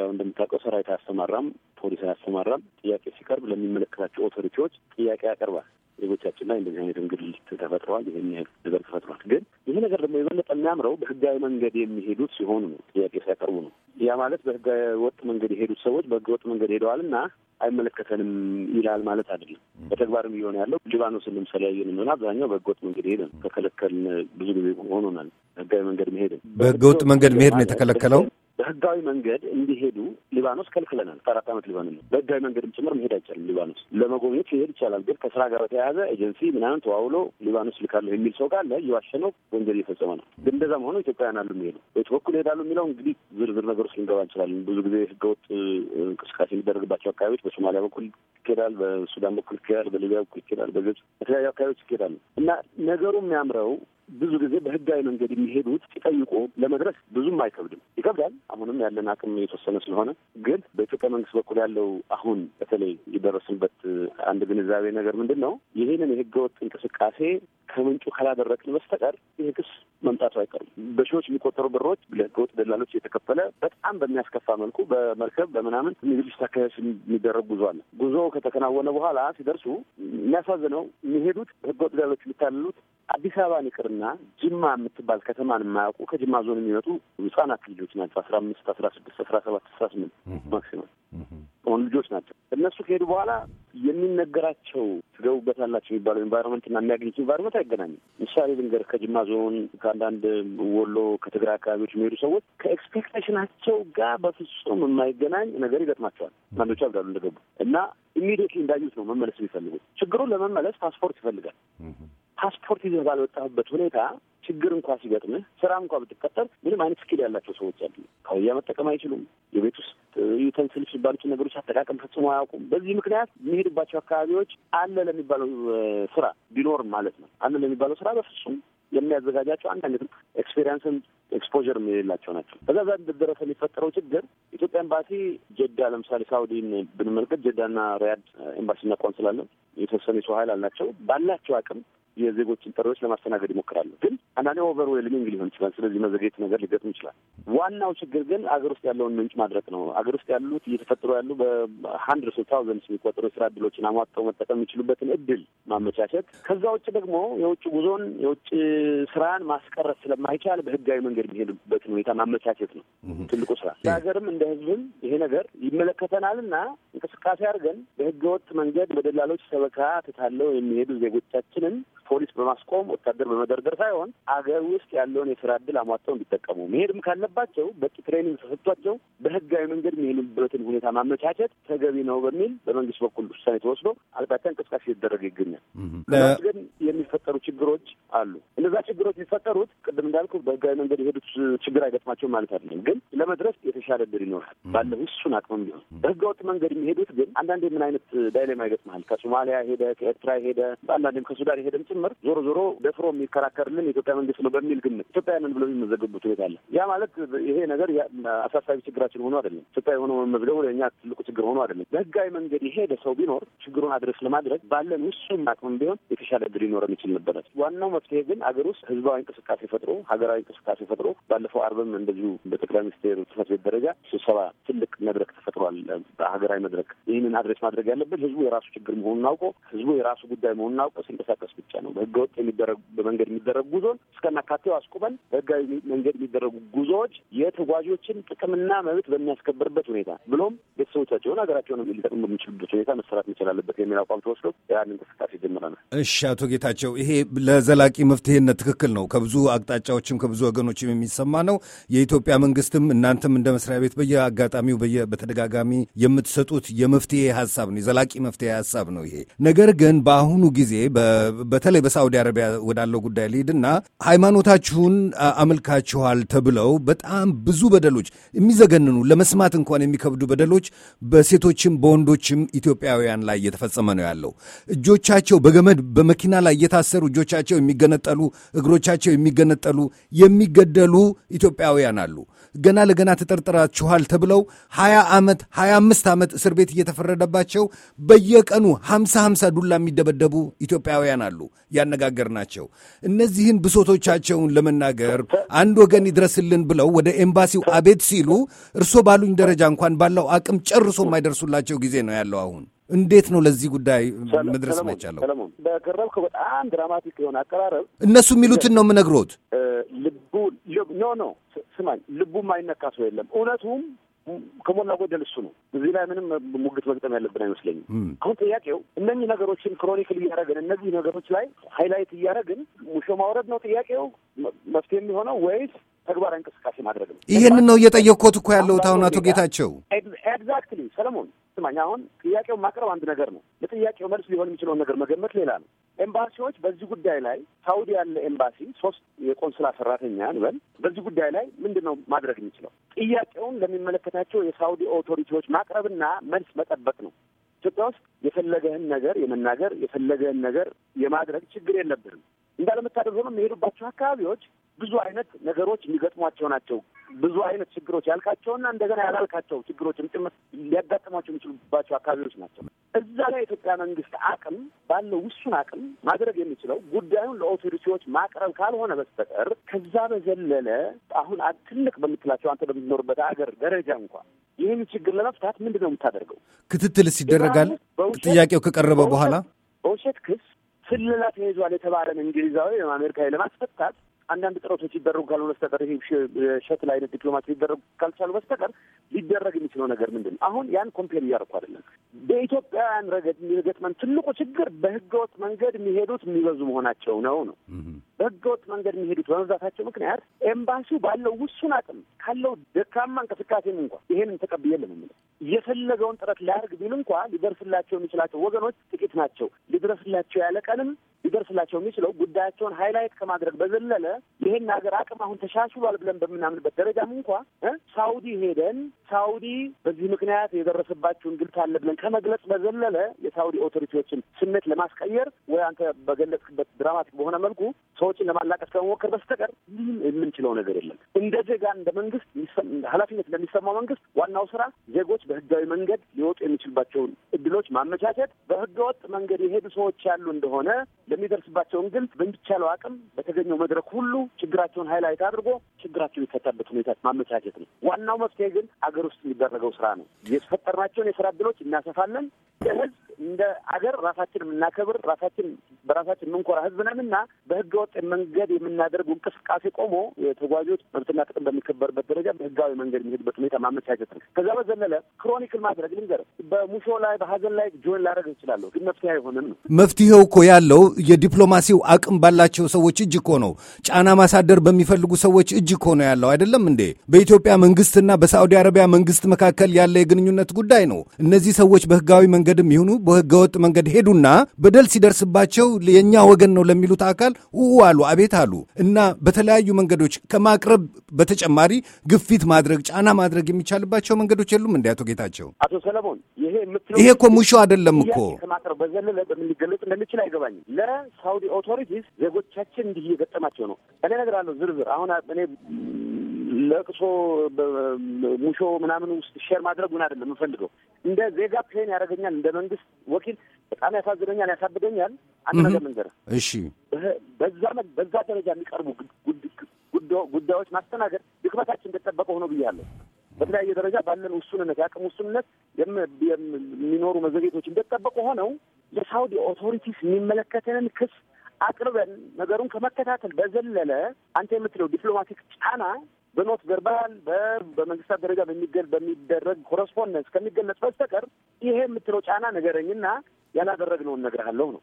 ያው እንደምታውቀው ሰራዊት አያስተማራም፣ ፖሊስ አያስተማራም። ጥያቄ ሲቀርብ ለሚመለከታቸው ኦቶሪቲዎች ጥያቄ ያቀርባል። ዜጎቻችን ላይ እንደዚህ አይነት ተፈጥረዋል። ይህን ያህል ነገር ተፈጥሯል። ግን ይህ ነገር ደግሞ የበለጠ የሚያምረው በህጋዊ መንገድ የሚሄዱት ሲሆኑ ነው፣ ጥያቄ ሲያቀርቡ ነው። ያ ማለት በህጋዊ ወጥ መንገድ የሄዱት ሰዎች በህገ ወጥ መንገድ ሄደዋል እና አይመለከተንም ይላል ማለት አይደለም። በተግባርም እየሆነ ያለው ሊባኖስን ለምሳሌ ያየን ሆነ አብዛኛው በህገወጥ መንገድ ሄደን ነው። ተከለከልን ብዙ ጊዜ ሆኖናል። ህጋዊ መንገድ በህገ ወጥ መንገድ መሄድ ነው የተከለከለው በህጋዊ መንገድ እንዲሄዱ ሊባኖስ ከልክለናል። ከአራት ዓመት ሊባኖስ ነው። በህጋዊ መንገድም ጭምር መሄድ አይቻልም። ሊባኖስ ለመጎብኘት ሊሄድ ይቻላል፣ ግን ከስራ ጋር በተያያዘ ኤጀንሲ ምናምን ተዋውሎ ሊባኖስ ልካለሁ የሚል ሰው ካለ እየዋሸ ነው፣ ወንጀል እየፈጸመ ነው። ግን እንደዛ መሆኑ ኢትዮጵያውያን አሉ የሚሄዱ ቤት በኩል ይሄዳሉ የሚለው እንግዲህ ዝርዝር ውስጥ ልንገባ እንችላለን። ብዙ ጊዜ ህገወጥ እንቅስቃሴ የሚደረግባቸው አካባቢዎች በሶማሊያ በኩል ይኬዳል፣ በሱዳን በኩል ይኬዳል፣ በሊቢያ በኩል ይኬዳል፣ በግብጽ በተለያዩ አካባቢዎች ይኬዳሉ እና ነገሩ የሚያምረው ብዙ ጊዜ በህጋዊ መንገድ የሚሄዱት ሲጠይቁ ለመድረስ ብዙም አይከብድም። ይከብዳል። አሁንም ያለን አቅም የተወሰነ ስለሆነ፣ ግን በኢትዮጵያ መንግስት በኩል ያለው አሁን በተለይ የደረስንበት አንድ ግንዛቤ ነገር ምንድን ነው? ይህንን የህገወጥ እንቅስቃሴ ከምንጩ ካላደረግን በስተቀር ይህ ክስ መምጣቱ አይቀርም። በሺዎች የሚቆጠሩ ብሮች ለህገወጥ ደላሎች የተከፈለ በጣም በሚያስከፋ መልኩ በመርከብ በምናምን ሚግልሽ አካባቢዎች የሚደረግ ጉዞ አለ። ጉዞ ከተከናወነ በኋላ ሲደርሱ የሚያሳዝነው የሚሄዱት ህገወጥ ደላሎች የሚታልሉት አዲስ አበባን ይቅርና ጅማ የምትባል ከተማን የማያውቁ ከጅማ ዞን የሚመጡ ህጻናት ልጆች ናቸው። አስራ አምስት አስራ ስድስት አስራ ሰባት አስራ ስምንት ማክሲመም ሆኑ ልጆች ናቸው። እነሱ ከሄዱ በኋላ የሚነገራቸው ትገቡበታላቸው የሚባለው ኤንቫይሮንመንት እና የሚያገኙት ኤንቫይሮንመንት አይገናኝም። ምሳሌ ልንገር፣ ከጅማ ዞን ከአንዳንድ ወሎ፣ ከትግራይ አካባቢዎች የሚሄዱ ሰዎች ከኤክስፔክቴሽናቸው ጋር በፍጹም የማይገናኝ ነገር ይገጥማቸዋል። አንዶች አብዳሉ እንደገቡ እና ኢሚዲየትሊ እንዳዩት ነው መመለስ የሚፈልጉት። ችግሩን ለመመለስ ፓስፖርት ይፈልጋል። ፓስፖርት ይዘህ ባልወጣበት ሁኔታ ችግር እንኳ ሲገጥምህ ስራ እንኳ ብትቀጠር ምንም አይነት ስኪል ያላቸው ሰዎች አሉ። ካውያ መጠቀም አይችሉም። የቤት ውስጥ ዩተንስልስ የሚባሉትን ነገሮች አጠቃቀም ፈጽሞ አያውቁም። በዚህ ምክንያት የሚሄድባቸው አካባቢዎች አለ ለሚባለው ስራ ቢኖርም ማለት ነው አለ ለሚባለው ስራ በፍጹም የሚያዘጋጃቸው አንዳንድ ኤክስፔሪንስን ኤክስፖዠር የሌላቸው ናቸው። በዛ ዛ እንደደረሰ የሚፈጠረው ችግር ኢትዮጵያ ኤምባሲ ጀዳ ለምሳሌ ሳውዲን ብንመልከት ጀዳና ሪያድ ኤምባሲና ቆንስላለን የተወሰኑ የሰው ኃይል አልናቸው ባላቸው አቅም የዜጎችን ጥሪዎች ለማስተናገድ ይሞክራሉ። ግን አንዳንዴ ኦቨር ኦቨርዌልሚንግ ሊሆን ይችላል። ስለዚህ መዘግየት ነገር ሊገጥም ይችላል። ዋናው ችግር ግን አገር ውስጥ ያለውን ምንጭ ማድረግ ነው። አገር ውስጥ ያሉት እየተፈጥሮ ያሉ በሀንድረድ ታውዘንድስ የሚቆጠሩ የስራ እድሎችን አሟጠው መጠቀም የሚችሉበትን እድል ማመቻቸት፣ ከዛ ውጭ ደግሞ የውጭ ጉዞን የውጭ ስራን ማስቀረት ስለማይቻል በህጋዊ መንገድ መንገድ የሚሄድበትን ሁኔታ ማመቻቸት ነው ትልቁ ስራ። እንደ ሀገርም እንደ ህዝብም ይሄ ነገር ይመለከተናልና እንቅስቃሴ አድርገን በህገወጥ መንገድ በደላሎች ሰበካ ትታለው የሚሄዱ ዜጎቻችንን ፖሊስ በማስቆም ወታደር በመደርደር ሳይሆን አገር ውስጥ ያለውን የስራ እድል አሟጠው እንዲጠቀሙ መሄድም ካለባቸው በቂ ትሬኒንግ ተሰጥቷቸው በህጋዊ መንገድ የሚሄዱበትን ሁኔታ ማመቻቸት ተገቢ ነው በሚል በመንግስት በኩል ውሳኔ ተወስዶ አቅጣጫ እንቅስቃሴ የተደረገ ይገኛል። ግን የሚፈጠሩ ችግሮች አሉ። እነዛ ችግሮች የሚፈጠሩት ቅድም እንዳልኩ በህጋዊ መንገድ የሄዱት ችግር አይገጥማቸውም ማለት አይደለም። ግን ለመድረስ የተሻለ እድል ይኖራል ባለው እሱን አቅምም ቢሆን በህገወጥ መንገድ የሚሄዱት ግን አንዳንዴ ምን አይነት ዳይሌማ ይገጥመሃል? ከሶማሊያ ሄደ፣ ከኤርትራ ሄደ፣ አንዳንዴም ከሱዳን ሄደም ጭምር ዞሮ ዞሮ ደፍሮ የሚከራከርልን የኢትዮጵያ መንግስት ነው በሚል ግምት ኢትዮጵያውያንን ብለው የሚመዘገቡት ሁኔታ አለ። ያ ማለት ይሄ ነገር አሳሳቢ ችግራችን ሆኖ አይደለም። ኢትዮጵያ የሆነ መመዝገቡ ለእኛ ትልቁ ችግር ሆኖ አይደለም። በህጋዊ መንገድ የሄደ ሰው ቢኖር ችግሩን አድረስ ለማድረግ ባለን ውሱን አቅምም ቢሆን የተሻለ እድል ሊኖረን ይችል ነበረ። ዋናው መፍትሄ ግን አገር ውስጥ ህዝባዊ እንቅስቃሴ ፈጥሮ ሀገራዊ እንቅስቃሴ ፈጥሮ ባለፈው አርብም እንደዚሁ በጠቅላይ ሚኒስቴር ጽህፈት ቤት ደረጃ ስብሰባ ትልቅ መድረክ ተፈጥሯል። በሀገራዊ መድረክ ይህንን አድሬስ ማድረግ ያለብን ህዝቡ የራሱ ችግር መሆኑን አውቆ ህዝቡ የራሱ ጉዳይ መሆኑን አውቆ ሲንቀሳቀስ ብቻ ነው ነው። በህገወጥ የሚደረጉ በመንገድ የሚደረጉ ጉዞን እስከናካቴው አስቁመን በህጋዊ መንገድ የሚደረጉ ጉዞዎች የተጓዦችን ጥቅምና መብት በሚያስከብርበት ሁኔታ ብሎም ቤተሰቦቻቸውን ሀገራቸውን ሊጠቅሙ በሚችሉበት ሁኔታ መሰራት እንችላለበት የሚል አቋም ተወስዶ ያን እንቅስቃሴ ጀምረናል። እሺ፣ አቶ ጌታቸው ይሄ ለዘላቂ መፍትሄነት ትክክል ነው። ከብዙ አቅጣጫዎችም ከብዙ ወገኖችም የሚሰማ ነው። የኢትዮጵያ መንግስትም እናንተም እንደ መስሪያ ቤት በየአጋጣሚው በተደጋጋሚ የምትሰጡት የመፍትሄ ሀሳብ ነው፣ የዘላቂ መፍትሄ ሀሳብ ነው ይሄ ነገር ግን በአሁኑ ጊዜ በተለይ በተለይ በሳዑዲ አረቢያ ወዳለው ጉዳይ ልሂድና ሃይማኖታችሁን አመልካችኋል ተብለው በጣም ብዙ በደሎች የሚዘገንኑ ለመስማት እንኳን የሚከብዱ በደሎች በሴቶችም በወንዶችም ኢትዮጵያውያን ላይ እየተፈጸመ ነው ያለው። እጆቻቸው በገመድ በመኪና ላይ እየታሰሩ እጆቻቸው የሚገነጠሉ እግሮቻቸው የሚገነጠሉ የሚገደሉ ኢትዮጵያውያን አሉ። ገና ለገና ተጠርጥራችኋል ተብለው 20 ዓመት 25 ዓመት እስር ቤት እየተፈረደባቸው በየቀኑ 50 50 ዱላ የሚደበደቡ ኢትዮጵያውያን አሉ። ያነጋገር ናቸው። እነዚህን ብሶቶቻቸውን ለመናገር አንድ ወገን ይድረስልን ብለው ወደ ኤምባሲው አቤት ሲሉ እርሶ ባሉኝ ደረጃ እንኳን ባለው አቅም ጨርሶ የማይደርሱላቸው ጊዜ ነው ያለው አሁን። እንዴት ነው ለዚህ ጉዳይ መድረስ መቻለው? በቀረብከው በጣም ድራማቲክ የሆነ አቀራረብ እነሱ የሚሉትን ነው የምነግሮት። ልቡ ኖ ኖ ስማኝ፣ ልቡ የማይነካ ሰው የለም። እውነቱም ከሞላ ጎደል እሱ ነው። እዚህ ላይ ምንም ሙግት መግጠም ያለብን አይመስለኝም። አሁን ጥያቄው እነኚህ ነገሮችን ክሮኒክል እያደረግን እነዚህ ነገሮች ላይ ሀይላይት እያደረግን ሙሾ ማውረድ ነው ጥያቄው መፍትሄ የሚሆነው ወይስ ተግባራዊ እንቅስቃሴ ማድረግ ነው? ይህንን ነው እየጠየቅኩት እኮ ያለሁት አሁን አቶ ጌታቸው ኤግዛክትሊ ሰለሞን ስማኝ፣ አሁን ጥያቄውን ማቅረብ አንድ ነገር ነው። ለጥያቄው መልስ ሊሆን የሚችለውን ነገር መገመት ሌላ ነው። ኤምባሲዎች በዚህ ጉዳይ ላይ ሳውዲ ያለ ኤምባሲ ሶስት የቆንስላ ሰራተኛ ንበል በዚህ ጉዳይ ላይ ምንድን ነው ማድረግ የሚችለው? ጥያቄውን ለሚመለከታቸው የሳውዲ ኦቶሪቲዎች ማቅረብና መልስ መጠበቅ ነው። ኢትዮጵያ ውስጥ የፈለገህን ነገር የመናገር የፈለገህን ነገር የማድረግ ችግር የለብንም። እንዳለመታደል ሆኖ የሚሄዱባቸው አካባቢዎች ብዙ አይነት ነገሮች የሚገጥሟቸው ናቸው። ብዙ አይነት ችግሮች ያልካቸውና እንደገና ያላልካቸው ችግሮችም ጭምር ሊያጋጥሟቸው የሚችሉባቸው አካባቢዎች ናቸው። እዛ ላይ የኢትዮጵያ መንግስት አቅም ባለው ውሱን አቅም ማድረግ የሚችለው ጉዳዩን ለኦቶሪቲዎች ማቅረብ ካልሆነ በስተቀር ከዛ በዘለለ አሁን ትልቅ በምትላቸው አንተ በምትኖርበት ሀገር ደረጃ እንኳን ይህን ችግር ለመፍታት ምንድን ነው የምታደርገው? ክትትልስ ይደረጋል? ጥያቄው ከቀረበ በኋላ በውሸት ክስ ስለላ ተይዟል የተባለን እንግሊዛዊ ወይም አሜሪካዊ ለማስፈታት አንዳንድ ጥረቶች ይደረጉ ካልሆነ በስተቀር ይሄ ሸትል አይነት ዲፕሎማት ሊደረጉ ካልቻሉ በስተቀር ሊደረግ የሚችለው ነገር ምንድን ነው? አሁን ያን ኮምፔር እያደረኩ አይደለም። በኢትዮጵያውያን ረገድ የሚገጥመን ትልቁ ችግር በህገወጥ መንገድ የሚሄዱት የሚበዙ መሆናቸው ነው ነው በህገወጥ መንገድ የሚሄዱት በመብዛታቸው ምክንያት ኤምባሲው ባለው ውሱን አቅም ካለው ደካማ እንቅስቃሴም እንኳ ይሄንን ተቀብዬለም የምለው የፈለገውን ጥረት ሊያደርግ ቢል እንኳ ሊደርስላቸው የሚችላቸው ወገኖች ጥቂት ናቸው። ሊደርስላቸው ያለ ቀንም ሊደርስላቸው የሚችለው ጉዳያቸውን ሀይላይት ከማድረግ በዘለለ ይሄን ሀገር አቅም አሁን ተሻሽሏል ብለን በምናምንበት ደረጃም እንኳ ሳውዲ ሄደን ሳውዲ በዚህ ምክንያት የደረሰባቸውን ግልት አለ ብለን ከመግለጽ በዘለለ የሳውዲ ኦቶሪቲዎችን ስሜት ለማስቀየር ወይ አንተ በገለጽክበት ድራማቲክ በሆነ መልኩ ሰዎችን ለማላቀስ ከመሞከር በስተቀር ምንም የምንችለው ነገር የለም። እንደ ዜጋ እንደ መንግስት ኃላፊነት እንደሚሰማው መንግስት ዋናው ስራ ዜጎች በህጋዊ መንገድ ሊወጡ የሚችልባቸውን እድሎች ማመቻቸት፣ በህገወጥ መንገድ የሄዱ ሰዎች ያሉ እንደሆነ ለሚደርስባቸውን ግልት በሚቻለው አቅም በተገኘው መድረክ ሁሉ ሁሉ ችግራቸውን ሀይላይት አድርጎ ችግራቸው የሚፈታበት ሁኔታ ማመቻቸት ነው። ዋናው መፍትሄ ግን አገር ውስጥ የሚደረገው ስራ ነው። የተፈጠርናቸውን የስራ እድሎች እናሰፋለን። ህዝብ እንደ አገር ራሳችን የምናከብር ራሳችን በራሳችን የምንኮራ ህዝብ ነን እና በህገ ወጥ መንገድ የምናደርጉ እንቅስቃሴ ቆሞ የተጓዦች መብትና ጥቅም በሚከበርበት ደረጃ በህጋዊ መንገድ የሚሄድበት ሁኔታ ማመቻቸት ነው። ከዛ በዘለለ ክሮኒክል ማድረግ ልንገር፣ በሙሾ ላይ በሀዘን ላይ ጆን ላደረግ እችላለሁ፣ ግን መፍትሄ አይሆንም ነው። መፍትሄው እኮ ያለው የዲፕሎማሲው አቅም ባላቸው ሰዎች እጅ እኮ ነው። ጫና ማሳደር በሚፈልጉ ሰዎች እጅ እኮ ነው ያለው። አይደለም እንዴ? በኢትዮጵያ መንግስትና በሳዑዲ አረቢያ መንግስት መካከል ያለ የግንኙነት ጉዳይ ነው። እነዚህ ሰዎች በህጋዊ መንገድም ይሁኑ በህገወጥ መንገድ ሄዱና በደል ሲደርስባቸው የእኛ ወገን ነው ለሚሉት አካል ው አሉ፣ አቤት አሉ እና በተለያዩ መንገዶች ከማቅረብ በተጨማሪ ግፊት ማድረግ፣ ጫና ማድረግ የሚቻልባቸው መንገዶች የሉም እንዴ? አቶ ጌታቸው፣ አቶ ሰለሞን፣ ይሄ እኮ ሙሾ አይደለም እኮ ከማቅረብ በዘለለ በምን እንደምችል አይገባኝም። ለሳውዲ ኦቶሪቲስ ዜጎቻችን እንዲህ እየገጠማቸው ነው። እኔ እነግርሃለሁ ዝርዝር አሁን እኔ ለቅሶ ሙሾ ምናምን ውስጥ ሼር ማድረግ ምን አይደለም የምፈልገው። እንደ ዜጋ ፕሌን ያደረገኛል። እንደ መንግስት ወኪል በጣም ያሳዝነኛል፣ ያሳብደኛል። አንድ ነገር ልንገርህ። እሺ፣ በዛ በዛ ደረጃ የሚቀርቡ ጉዳዮች ማስተናገድ ድክመታችን እንደጠበቀ ሆኖ ብያለሁ። በተለያየ ደረጃ ባለን ውሱንነት፣ የአቅም ውሱንነት የሚኖሩ መዘግየቶች እንደጠበቁ ሆነው የሳውዲ ኦቶሪቲስ የሚመለከተንን ክስ አቅርበን ነገሩን ከመከታተል በዘለለ አንተ የምትለው ዲፕሎማቲክ ጫና በኖት ቨርባል በመንግስታት ደረጃ በሚገል በሚደረግ ኮረስፖንደንስ ከሚገለጽ በስተቀር ይሄ የምትለው ጫና ነገረኝና ያላደረግነውን እነግርሃለሁ ነው።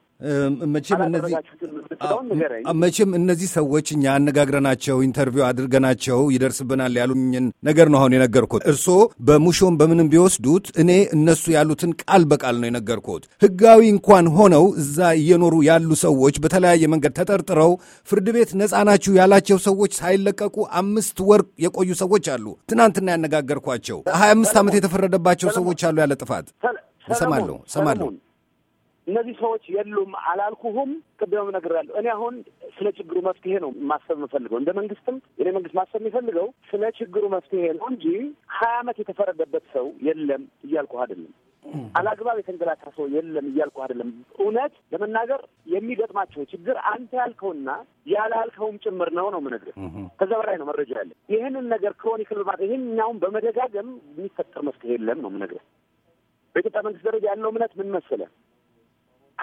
መቼም እነዚህ ሰዎች እኛ አነጋግረናቸው ኢንተርቪው አድርገናቸው ይደርስብናል ያሉኝን ነገር ነው አሁን የነገርኩት። እርስዎ በሙሾም በምንም ቢወስዱት እኔ እነሱ ያሉትን ቃል በቃል ነው የነገርኩት። ህጋዊ እንኳን ሆነው እዛ እየኖሩ ያሉ ሰዎች በተለያየ መንገድ ተጠርጥረው ፍርድ ቤት ነጻ ናችሁ ያላቸው ሰዎች ሳይለቀቁ አምስት ወር የቆዩ ሰዎች አሉ። ትናንትና ያነጋገርኳቸው ሀያ አምስት ዓመት የተፈረደባቸው ሰዎች አሉ ያለ ጥፋት። እሰማለሁ እሰማለሁ እነዚህ ሰዎች የሉም አላልኩሁም። ቅድመም እነግርሃለሁ። እኔ አሁን ስለ ችግሩ መፍትሄ ነው ማሰብ የምፈልገው። እንደ መንግስትም የኔ መንግስት ማሰብ የሚፈልገው ስለ ችግሩ መፍትሄ ነው እንጂ ሀያ ዓመት የተፈረደበት ሰው የለም እያልኩ አይደለም። አላግባብ የተንገላታ ሰው የለም እያልኩ አይደለም። እውነት ለመናገር የሚገጥማቸው ችግር አንተ ያልከውና ያላልከውም ጭምር ነው ነው የምነግርህ። ከዛ በላይ ነው መረጃ ያለ ይህንን ነገር ክሮኒክል በማድረግ ይህኛውን በመደጋገም የሚፈጠር መፍትሄ የለም ነው የምነግርህ። በኢትዮጵያ መንግስት ደረጃ ያለው እምነት ምን መሰለህ?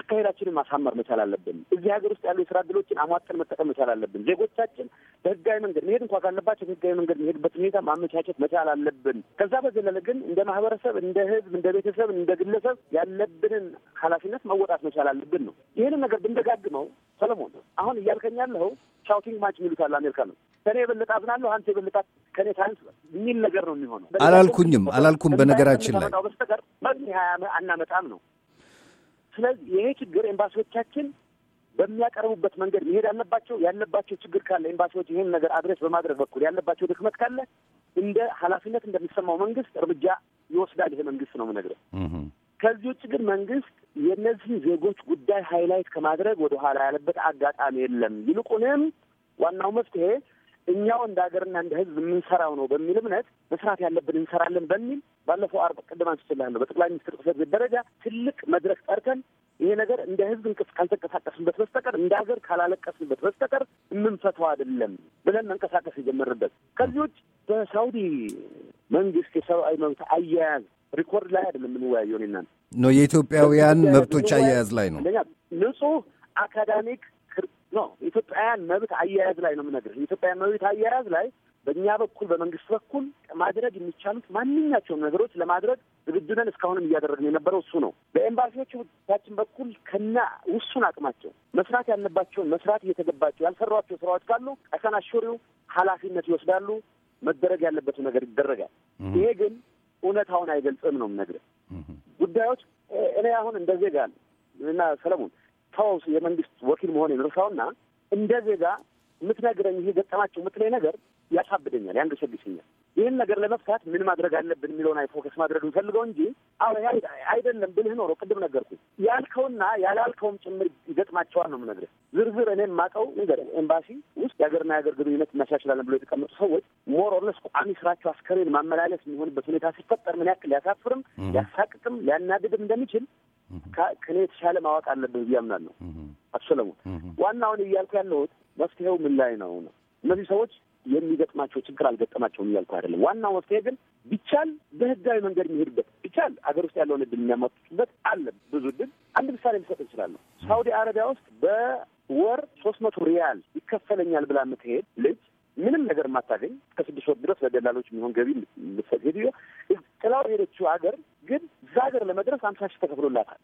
አካሄዳችንን ማሳመር መቻል አለብን። እዚህ ሀገር ውስጥ ያሉ የስራ እድሎችን አሟጠን መጠቀም መቻል አለብን። ዜጎቻችን በህጋዊ መንገድ መሄድ እንኳ ካለባቸው በህጋዊ መንገድ መሄድበት ሁኔታ ማመቻቸት መቻል አለብን። ከዛ በዘለለ ግን እንደ ማህበረሰብ፣ እንደ ህዝብ፣ እንደ ቤተሰብ፣ እንደ ግለሰብ ያለብንን ኃላፊነት መወጣት መቻል አለብን ነው። ይህንን ነገር ብንደጋግመው ሰለሞን፣ አሁን እያልከኝ ያለው ሻውቲንግ ማች የሚሉት አሜሪካ ነው። ከኔ የበለጠ አዝናለሁ አንተ የበለጠ ከኔ ታንስ የሚል ነገር ነው የሚሆነው። አላልኩኝም አላልኩም። በነገራችን ላይ በስተቀር ሀያ አናመጣም ነው ስለዚህ ይሄ ችግር ኤምባሲዎቻችን በሚያቀርቡበት መንገድ መሄድ አለባቸው። ያለባቸው ችግር ካለ ኤምባሲዎች ይህን ነገር አድሬስ በማድረግ በኩል ያለባቸው ድክመት ካለ እንደ ኃላፊነት እንደሚሰማው መንግስት እርምጃ ይወስዳል። ይሄ መንግስት ነው የምነግርህ። ከዚህ ውጭ ግን መንግስት የእነዚህ ዜጎች ጉዳይ ሃይላይት ከማድረግ ወደ ኋላ ያለበት አጋጣሚ የለም። ይልቁንም ዋናው መፍትሄ እኛው እንደ ሀገርና እንደ ህዝብ የምንሰራው ነው በሚል እምነት መስራት ያለብን እንሰራለን በሚል ባለፈው አርብ ቅድም አንስችላለሁ በጠቅላይ ሚኒስትር ጽሕፈት ቤት ደረጃ ትልቅ መድረክ ጠርተን ይሄ ነገር እንደ ህዝብ እንቅስ ካልተንቀሳቀስንበት በስተቀር እንደ ሀገር ካላለቀስንበት በስተቀር የምንፈተው አይደለም ብለን መንቀሳቀስ የጀመርንበት ከዚህ ውጭ በሳውዲ መንግስት የሰብአዊ መብት አያያዝ ሪኮርድ ላይ አይደለም የምንወያየው። ኔናን ነው የኢትዮጵያውያን መብቶች አያያዝ ላይ ነው። ንጹህ አካዳሚክ ነው። ኢትዮጵያውያን መብት አያያዝ ላይ ነው የምነግርህ። የኢትዮጵያውያን መብት አያያዝ ላይ በእኛ በኩል በመንግስት በኩል ማድረግ የሚቻሉት ማንኛቸውም ነገሮች ለማድረግ ዝግጁ ነን። እስካሁንም እያደረግን የነበረው እሱ ነው። በኤምባሲዎቻችን በኩል ከና ውሱን አቅማቸው መስራት ያለባቸውን መስራት እየተገባቸው ያልሰሯቸው ስራዎች ካሉ ቀሰን አሹሪው ኃላፊነት ይወስዳሉ። መደረግ ያለበት ነገር ይደረጋል። ይሄ ግን እውነታውን አይገልጽም ነው የምነግርህ። ጉዳዮች እኔ አሁን እንደ ዜጋ እና ሰለሞን ተው የመንግስት ወኪል መሆን እርሳውና እንደ ዜጋ የምትነግረኝ ይሄ ገጠማቸው የምትለኝ ነገር ያሳብደኛል፣ ያንገሸግሸኛል። ይህን ነገር ለመፍታት ምን ማድረግ አለብን የሚለውን አይ ፎከስ ማድረግ እንፈልገው እንጂ አሁ አይደለም ብልህ ኖሮ ቅድም ነገርኩ ያልከውና ያላልከውም ጭምር ይገጥማቸዋል ነው የምነግርህ። ዝርዝር እኔ የማውቀው ንገር ኤምባሲ ውስጥ የሀገርና የሀገር ግንኙነት እናሻሽላለን ብሎ የተቀመጡ ሰዎች ሞር ኦር ለስ ቋሚ ስራቸው አስከሬን ማመላለስ የሚሆንበት ሁኔታ ሲፈጠር ምን ያክል ሊያሳፍርም ሊያሳቅቅም ሊያናድድም እንደሚችል ከእኔ የተሻለ ማወቅ አለብህ ብዬ አምናለሁ። አቶ ሰለሞን ዋናውን እያልኩ ያለሁት መፍትሄው ምን ላይ ነው ነው እነዚህ ሰዎች የሚገጥማቸው ችግር አልገጠማቸውም እያልኩ አይደለም። ዋናው መፍትሄ ግን ቢቻል በህጋዊ መንገድ የሚሄዱበት ቢቻል አገር ውስጥ ያለውን እድል የሚያሟጡበት አለ። ብዙ እድል አንድ ምሳሌ ሊሰጥ እንችላለሁ። ሳውዲ አረቢያ ውስጥ በወር ሶስት መቶ ሪያል ይከፈለኛል ብላ የምትሄድ ልጅ ምንም ነገር ማታገኝ ከስድስት ወር ድረስ ለደላሎች የሚሆን ገቢ ልትሰጥ ሄድ ጥላው ሄደችው ሀገር ግን እዛ ሀገር ለመድረስ አምሳ ሺህ ተከፍሎላታል።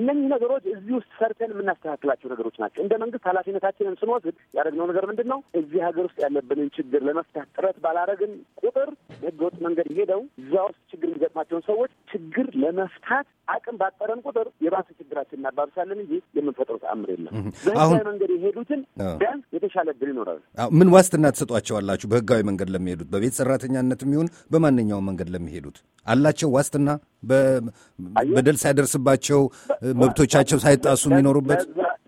እነኚህ ነገሮች እዚህ ውስጥ ሰርተን የምናስተካክላቸው ነገሮች ናቸው። እንደ መንግስት ኃላፊነታችንን ስንወስድ ያደረግነው ነገር ምንድን ነው? እዚህ ሀገር ውስጥ ያለብንን ችግር ለመፍታት ጥረት ባላረግን ቁጥር ህገወጥ መንገድ ሄደው እዛ ውስጥ ችግር የሚገጥማቸውን ሰዎች ችግር ለመፍታት አቅም ባጠረን ቁጥር የባሰ ችግራችን እናባብሳለን እንጂ የምንፈጥረው ተአምር የለም። በህጋዊ መንገድ የሄዱትን ቢያንስ የተሻለ እድል ይኖራል። ምን ዋስትና ትሰጧቸዋላችሁ? በህጋዊ መንገድ ለሚሄዱት በቤት ሰራተኛነት የሚሆን በማንኛውም መንገድ ለሚሄዱት አላቸው ዋስትና? በደል ሳይደርስባቸው መብቶቻቸው ሳይጣሱ የሚኖሩበት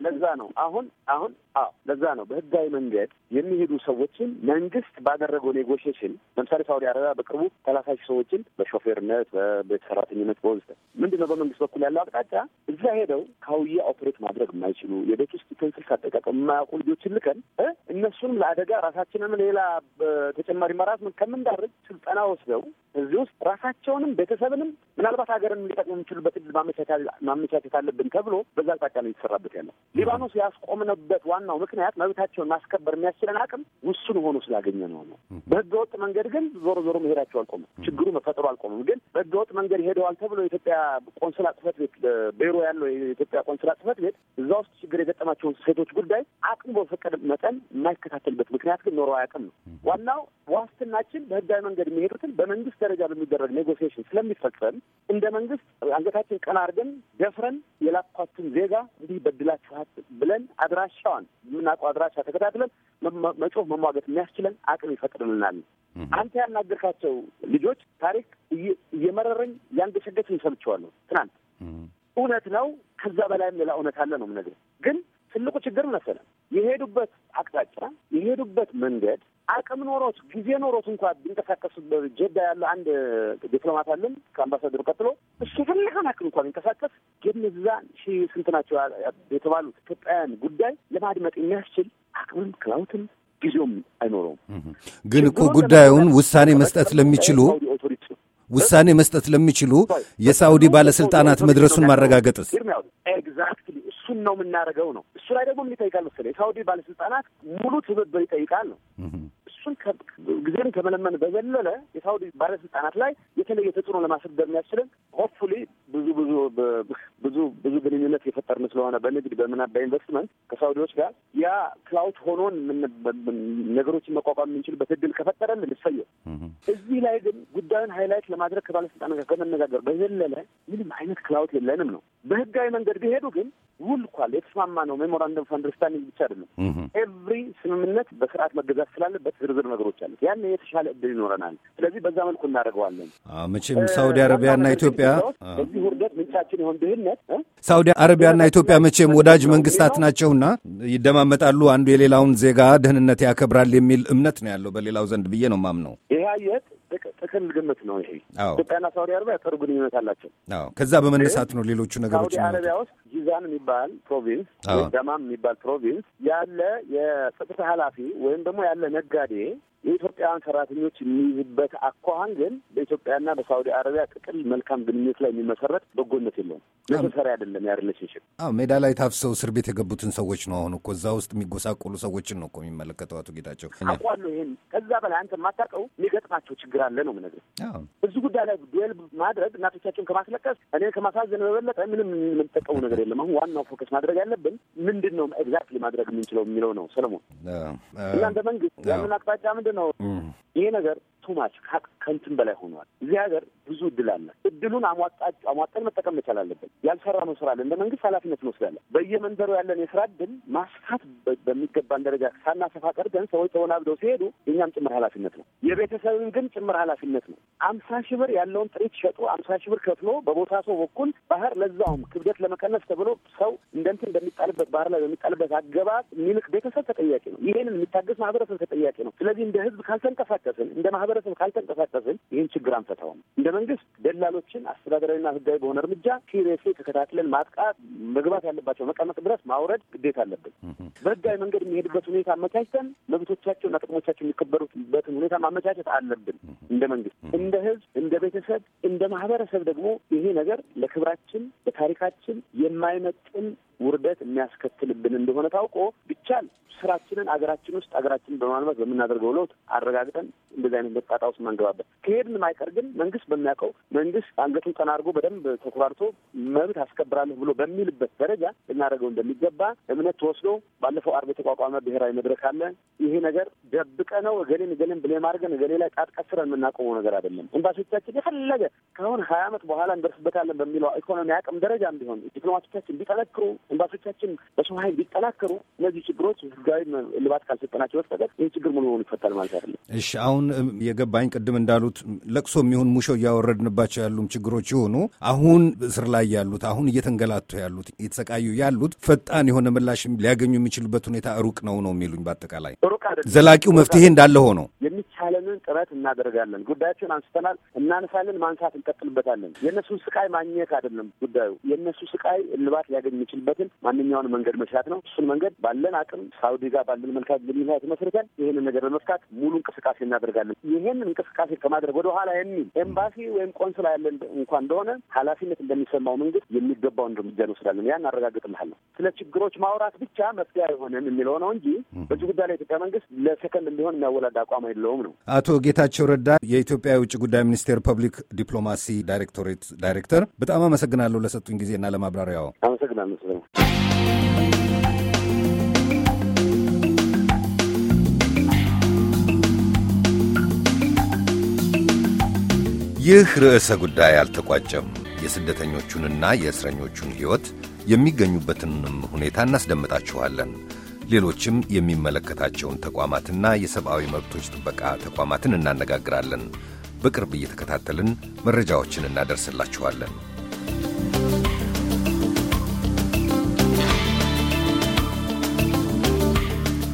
ለዛ ነው አሁን አሁን አዎ፣ ለዛ ነው በህጋዊ መንገድ የሚሄዱ ሰዎችን መንግስት ባደረገው ኔጎሽሽን፣ ለምሳሌ ሳውዲ አረቢያ በቅርቡ ሰላሳ ሺህ ሰዎችን በሾፌርነት በቤት ሰራተኝነት በወዝተ ምንድነው በመንግስት በኩል ያለው አቅጣጫ እዛ ሄደው ካውያ ኦፕሬት ማድረግ የማይችሉ የቤት ውስጥ ቴንስል አጠቃቀም የማያውቁ ልጆችን ልከን እነሱንም ለአደጋ ራሳችንም ሌላ ተጨማሪ መራት ከምንዳርግ ስልጠና ወስደው እዚህ ውስጥ ራሳቸውንም ቤተሰብንም ምናልባት ሀገርን ሊጠቅሙ የሚችሉበት ማመቻቸት አለብን ተብሎ በዛ አቅጣጫ ነው የተሰራበት ያለው ሊባኖስ ያስቆም ነው የምንችልበት ዋናው ምክንያት መብታቸውን ማስከበር የሚያስችለን አቅም ውሱን ሆኖ ስላገኘ ነው ነው። በህገ ወጥ መንገድ ግን ዞሮ ዞሮ መሄዳቸው አልቆመ ችግሩ መፈጠሩ አልቆመም። ግን በህገ ወጥ መንገድ ሄደዋል ተብሎ የኢትዮጵያ ቆንስላ ጽህፈት ቤት ቢሮ ያለው የኢትዮጵያ ቆንስላ ጽህፈት ቤት እዛ ውስጥ ችግር የገጠማቸውን ሴቶች ጉዳይ አቅሙ በፈቀደ መጠን የማይከታተልበት ምክንያት ግን ኖሮ አያውቅም ነው ዋናው ዋስትናችን በህጋዊ መንገድ የሚሄዱትን በመንግስት ደረጃ በሚደረግ ኔጎሽን ስለሚፈጸም እንደ መንግስት አንገታችን ቀና አድርገን ደፍረን የላኳችን ዜጋ እንዲህ በድላችኋት ብለን አድራሽ አድራሻዋን የምናውቀው አድራሻ ተከታትለን መጮህ መሟገት የሚያስችለን አቅም ይፈቅድልናል። አንተ ያናገርካቸው ልጆች ታሪክ እየመረረኝ ያንገሸገሸኝ ሰምቼዋለሁ ትናንት። እውነት ነው። ከዛ በላይ ሌላ እውነት አለ ነው የምነግርህ ግን ትልቁ ችግር መሰለህ የሄዱበት አቅጣጫ የሄዱበት መንገድ አቅም ኖሮት ጊዜ ኖሮት እንኳ ቢንቀሳቀሱ ጀዳ ያለ አንድ ዲፕሎማት አለን ከአምባሳደሩ ቀጥሎ እሱ የፈለገውን አክል እንኳ ቢንቀሳቀስ ግን እዛ ሺህ ስንት ናቸው የተባሉት ኢትዮጵያውያን ጉዳይ ለማድመጥ የሚያስችል አቅምም ክላውትም ጊዜውም አይኖረውም። ግን እኮ ጉዳዩን ውሳኔ መስጠት ለሚችሉ ውሳኔ መስጠት ለሚችሉ የሳውዲ ባለስልጣናት መድረሱን ማረጋገጥስ ኤግዛክት እሱን ነው የምናደርገው ነው። እሱ ላይ ደግሞ ምን ይጠይቃል የሳውዲ ባለስልጣናት ሙሉ ትብብር ይጠይቃል ነው። እሱን ጊዜም ከመለመን በዘለለ የሳውዲ ባለስልጣናት ላይ የተለየ ተጽዕኖ ለማስደር የሚያስችልን ሆፕፉሊ ብዙ ብዙ ብዙ ብዙ ግንኙነት የፈጠርን ስለሆነ በንግድ በምና በኢንቨስትመንት ከሳውዲዎች ጋር ያ ክላውት ሆኖን ነገሮችን መቋቋም የምንችልበት እድል ከፈጠረን ልትሰየው። እዚህ ላይ ግን ጉዳዩን ሃይላይት ለማድረግ ከባለስልጣን ጋር ከመነጋገር በዘለለ ምንም አይነት ክላውት የለንም ነው። በህጋዊ መንገድ ቢሄዱ ግን ውል ኳል የተስማማ ነው። ሜሞራንደም አንደርስታንዲንግ ብቻ አይደለም። ኤቭሪ ስምምነት በስርዓት መገዛት ስላለበት ዝርዝር ነገሮች አሉት። ያን የተሻለ እድል ይኖረናል። ስለዚህ በዛ መልኩ እናደርገዋለን። መቼም ሳውዲ አረቢያና ኢትዮጵያ በዚህ ውርደት ምንጫችን የሆን ድህነት። ሳውዲ አረቢያና ኢትዮጵያ መቼም ወዳጅ መንግስታት ናቸውና ይደማመጣሉ። አንዱ የሌላውን ዜጋ ደህንነት ያከብራል የሚል እምነት ነው ያለው በሌላው ዘንድ ብዬ ነው ማምነው። ይህ አየት ጥቅል ግምት ነው። ይሄ ኢትዮጵያና ሳውዲ አረቢያ ጥሩ ግንኙነት አላቸው። አዎ፣ ከዛ በመነሳት ነው ሌሎቹ ነገሮች። ሳውዲ አረቢያ ውስጥ ጂዛን የሚባል ፕሮቪንስ ወይም ደማም የሚባል ፕሮቪንስ ያለ የጸጥታ ኃላፊ ወይም ደግሞ ያለ ነጋዴ የኢትዮጵያውያን ሰራተኞች የሚይዝበት አኳኋን ግን በኢትዮጵያና በሳውዲ አረቢያ ጥቅል መልካም ግንኙነት ላይ የሚመሰረት በጎነት የለውም። ነሰሰሪ አይደለም ያ ሪሌሽንሽፕ። ሜዳ ላይ ታፍሰው እስር ቤት የገቡትን ሰዎች ነው አሁን እኮ እዛ ውስጥ የሚጎሳቆሉ ሰዎችን ነው እኮ የሚመለከተው። አቶ ጌታቸው አቋሉ ይህን ከዛ በላይ አንተ የማታውቀው የሚገጥማቸው ችግር አለ ነው የምነግርህ። እዚህ ጉዳይ ላይ ዱዌል ማድረግ እናቶቻችን ከማስለቀስ እኔ ከማሳዘን በበለጠ ምንም የምንጠቀሙ ነገር የለም። አሁን ዋናው ፎከስ ማድረግ ያለብን ምንድን ነው ኤግዛክትሊ ማድረግ የምንችለው የሚለው ነው። ሰለሞን እና እንደ መንግስት ያንን አቅጣጫ ምንድ ነው ይሄ ነገር ቱማች ከንትን በላይ ሆኗል። እዚህ ሀገር ብዙ እድል አለ። እድሉን አሟጠን መጠቀም መቻል አለብን። ያልሰራነው ስራ አለ። እንደ መንግስት ኃላፊነት እንወስዳለን። በየመንደሩ ያለን የስራ እድል ማስፋት በሚገባን ደረጃ ሳናሰፋ ቀርተን ሰዎች ተወናብደው ሲሄዱ እኛም ጭምር ኃላፊነት ነው። የቤተሰብን ግን ጭምር ኃላፊነት ነው። አምሳ ሺህ ብር ያለውን ጥሪት ሸጡ። አምሳ ሺህ ብር ከፍሎ በቦታ ሰው በኩል ባህር ለዛውም ክብደት ለመቀነስ ተብሎ ሰው እንደንትን እንደሚጣልበት ባህር ላይ በሚጣልበት አገባብ የሚልክ ቤተሰብ ተጠያቂ ነው። ይሄንን የሚታገስ ማህበረሰብ ተጠያቂ ነው። ስለዚህ እንደ ህዝብ ካልተንቀሳቀስን እንደ ማህበረ ማህበረሰብ ካልተንቀሳቀስን ይህን ችግር አንፈታውም። እንደ መንግስት ደላሎችን አስተዳደራዊና ህጋዊ በሆነ እርምጃ ሲሪየስሊ ተከታትለን ማጥቃት፣ መግባት ያለባቸው መቀመቅ ድረስ ማውረድ ግዴታ አለብን። በህጋዊ መንገድ የሚሄድበት ሁኔታ አመቻችተን መብቶቻቸውና ጥቅሞቻቸው የሚከበሩበትን ሁኔታ ማመቻቸት አለብን። እንደ መንግስት፣ እንደ ህዝብ፣ እንደ ቤተሰብ፣ እንደ ማህበረሰብ ደግሞ ይሄ ነገር ለክብራችን፣ ለታሪካችን የማይመጥን ውርደት የሚያስከትልብን እንደሆነ ታውቆ ብቻል ስራችንን አገራችን ውስጥ አገራችንን በማልማት በምናደርገው ለውጥ አረጋግጠን እንደዚህ አይነት መጣጣ ውስጥ ማንገባበት ከሄድን ማይቀር ግን መንግስት በሚያውቀው መንግስት አንገቱን ቀና አድርጎ በደንብ ተኩራርቶ መብት አስከብራለሁ ብሎ በሚልበት ደረጃ ልናደርገው እንደሚገባ እምነት ተወስዶ ባለፈው አርብ የተቋቋመ ብሔራዊ መድረክ አለ። ይሄ ነገር ደብቀ ነው እገሌን እገሌን ብሌም አድርገን እገሌ ላይ ጣት ቀስረን የምናቆመው ነገር አይደለም። ኤምባሲዎቻችን የፈለገ ከአሁን ሀያ ዓመት በኋላ እንደርስበታለን በሚለው ኢኮኖሚ አቅም ደረጃ ቢሆን ዲፕሎማቶቻችን ቢጠነክሩ ኤምባሲዎቻችን በሰው ኃይል ቢጠናከሩ እነዚህ ችግሮች ህጋዊ እልባት ካልሰጠናቸው በስተቀር ይህ ችግር ሙሉ በሙሉ ይፈታል ማለት አይደለም። እሺ፣ አሁን የገባኝ ቅድም እንዳሉት ለቅሶ የሚሆን ሙሾ እያወረድንባቸው ያሉም ችግሮች የሆኑ አሁን እስር ላይ ያሉት አሁን እየተንገላቱ ያሉት እየተሰቃዩ ያሉት ፈጣን የሆነ ምላሽ ሊያገኙ የሚችሉበት ሁኔታ ሩቅ ነው ነው የሚሉኝ። በአጠቃላይ ሩቅ አይደለም። ዘላቂው መፍትሄ እንዳለ ሆኖ የሚቻለንን ጥረት እናደርጋለን። ጉዳያቸውን አንስተናል፣ እናነሳለን፣ ማንሳት እንቀጥልበታለን። የእነሱን ስቃይ ማግኘት አይደለም ጉዳዩ የእነሱ ስቃይ እልባት ሊያገኝ የሚችልበት የሚያስችል ማንኛውን መንገድ መስራት ነው። እሱን መንገድ ባለን አቅም ሳውዲ ጋር ባለን መልካም ግንኙነት መስርተን ይህንን ነገር ለመፍታት ሙሉ እንቅስቃሴ እናደርጋለን። ይህን እንቅስቃሴ ከማድረግ ወደኋላ የሚል ኤምባሲ ወይም ቆንስላ ያለን እንኳ እንደሆነ ኃላፊነት እንደሚሰማው መንግስት የሚገባውን እርምጃ እንወስዳለን። ያን አረጋግጥልሃለሁ። ስለ ችግሮች ማውራት ብቻ መፍትሄ አይሆንም የሚለው ነው እንጂ በዚህ ጉዳይ ላይ ኢትዮጵያ መንግስት ለሰከንድ እንዲሆን የሚያወላድ አቋም የለውም ነው። አቶ ጌታቸው ረዳ የኢትዮጵያ የውጭ ጉዳይ ሚኒስቴር ፐብሊክ ዲፕሎማሲ ዳይሬክቶሬት ዳይሬክተር፣ በጣም አመሰግናለሁ ለሰጡኝ ጊዜና ለማብራሪያው አመሰግናለሁ። ይህ ርዕሰ ጉዳይ አልተቋጨም። የስደተኞቹንና የእስረኞቹን ሕይወት የሚገኙበትንም ሁኔታ እናስደምጣችኋለን። ሌሎችም የሚመለከታቸውን ተቋማትና የሰብአዊ መብቶች ጥበቃ ተቋማትን እናነጋግራለን። በቅርብ እየተከታተልን መረጃዎችን እናደርስላችኋለን።